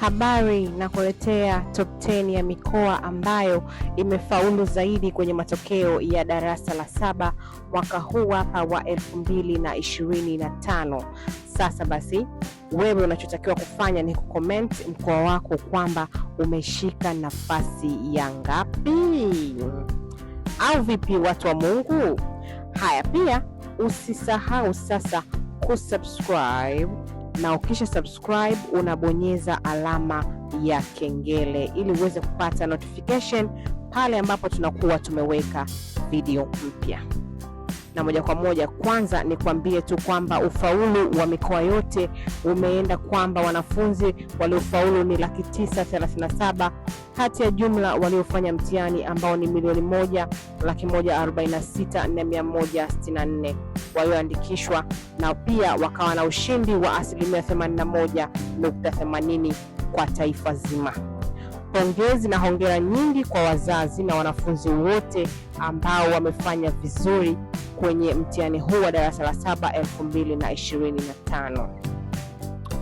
habari na kuletea top 10 ya mikoa ambayo imefaulu zaidi kwenye matokeo ya darasa la saba mwaka huu hapa wa 2025. Sasa basi, wewe unachotakiwa kufanya ni kucomment mkoa wako kwamba umeshika nafasi ya ngapi, au vipi, watu wa Mungu? Haya, pia usisahau sasa kusubscribe na ukisha subscribe unabonyeza alama ya kengele ili uweze kupata notification pale ambapo tunakuwa tumeweka video mpya. Na moja kwa moja, kwanza ni kuambie tu kwamba ufaulu wa mikoa yote umeenda kwamba wanafunzi waliofaulu ni laki tisa na saba kati ya jumla waliofanya mtihani ambao ni milioni moja laki moja na sita na mia moja nne walioandikishwa na pia wakawa na ushindi wa asilimia 81.80 kwa taifa zima. Pongezi na hongera nyingi kwa wazazi na wanafunzi wote ambao wamefanya vizuri kwenye mtihani huu wa darasa la saba 2025.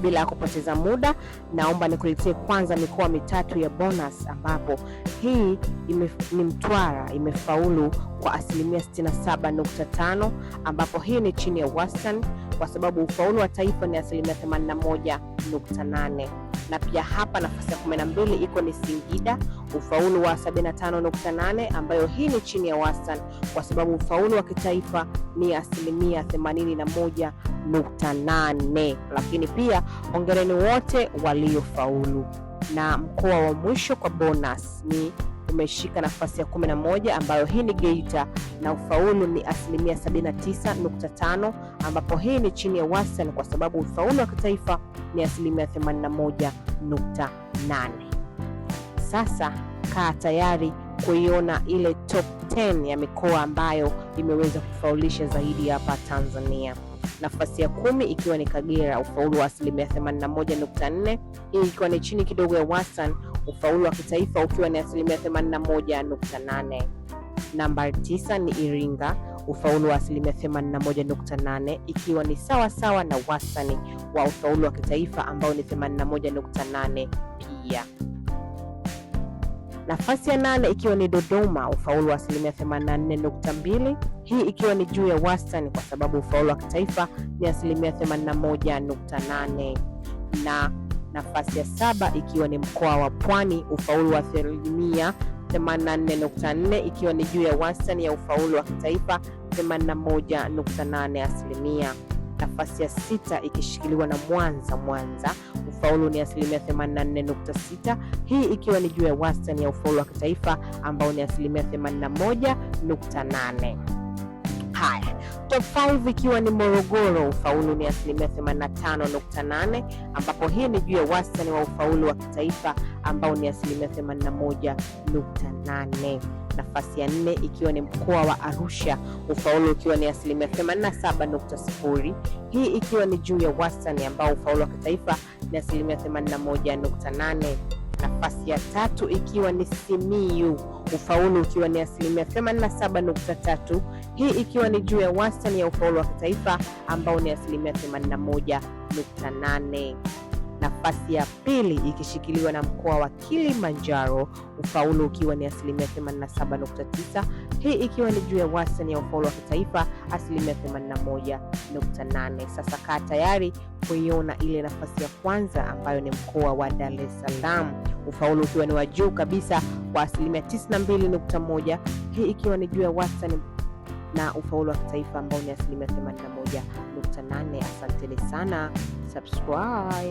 Bila ya kupoteza muda, naomba nikuletee kwanza mikoa mitatu ya bonus, ambapo hii ime, ni Mtwara imefaulu kwa asilimia 67.5, ambapo hii ni chini ya wastani kwa sababu ufaulu wa taifa ni asilimia 81.8, na pia hapa nafasi ya 12 iko ni Singida ufaulu wa 75.8 ambayo hii ni chini ya wastani kwa sababu ufaulu wa kitaifa ni asilimia 81.8. Lakini pia hongereni wote waliofaulu. Na mkoa wa mwisho kwa bonus ni umeshika nafasi ya 11 ambayo hii ni Geita na ufaulu ni asilimia 79.5, ambapo hii ni chini ya wastani kwa sababu ufaulu wa kitaifa ni asilimia 81.8 sasa kaa tayari kuiona ile top 10 ya mikoa ambayo imeweza kufaulisha zaidi hapa Tanzania. Nafasi ya kumi ikiwa ni Kagera, ufaulu wa asilimia 81.4. Hii ikiwa ni chini kidogo ya wastani, ufaulu wa kitaifa ukiwa ni asilimia 81.8. Namba 9 ni Iringa, ufaulu wa asilimia 81.8, ikiwa ni sawa sawa na wastani wa ufaulu wa kitaifa ambao ni 81.8 pia. Nafasi ya nane ikiwa ni Dodoma, ufaulu wa asilimia 84.2, hii ikiwa ni juu ya wastani kwa sababu ufaulu wa kitaifa ni asilimia 81.8. Na nafasi ya saba ikiwa ni mkoa wa Pwani, ufaulu wa asilimia 84.4, ikiwa ni juu ya wastani ya ufaulu wa kitaifa 81.8 asilimia nafasi ya sita ikishikiliwa na Mwanza Mwanza. Ufaulu ni asilimia 84.6, hii ikiwa ni juu ya wastani ya ufaulu wa kitaifa ambao ni asilimia 81.8. Haya, huko Faudhi ikiwa ni Morogoro, ufaulu ni asilimia 85.8, ambapo hii ni juu ya wastani wa ufaulu wa kitaifa ambao ni asilimia 81.8. Nafasi ya nne ikiwa ni mkoa wa Arusha, ufaulu ukiwa ni asilimia 87.0, hii ikiwa ni juu ya wastani ambao ufaulu wa kitaifa ni asilimia 81.8 nafasi ya tatu ikiwa ni Simiyu, ufaulu ukiwa ni asilimia 87.3, hii ikiwa ni juu ya wastani ya ufaulu wa kitaifa ambao ni asilimia 81.8. Nafasi ya pili ikishikiliwa na mkoa wa Kilimanjaro, ufaulu ukiwa ni asilimia 87.9, hii ikiwa ni juu ya wastani ya ufaulu wa kitaifa asilimia 81.8. Sasa kaa tayari kuiona ile nafasi ya kwanza ambayo ni mkoa wa Dar es Salaam ufaulu ukiwa ni wa juu kabisa kwa asilimia 92.1, hii ikiwa ni juu ya wastani na ufaulu wa kitaifa ambao ni asilimia 81.8. Asanteni sana, subscribe.